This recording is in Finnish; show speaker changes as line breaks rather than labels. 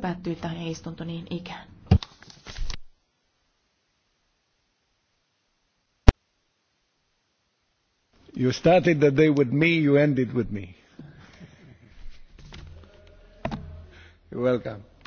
päättyy tähän istunto niin ikään.
You started the day with me, you ended with me.
You're welcome.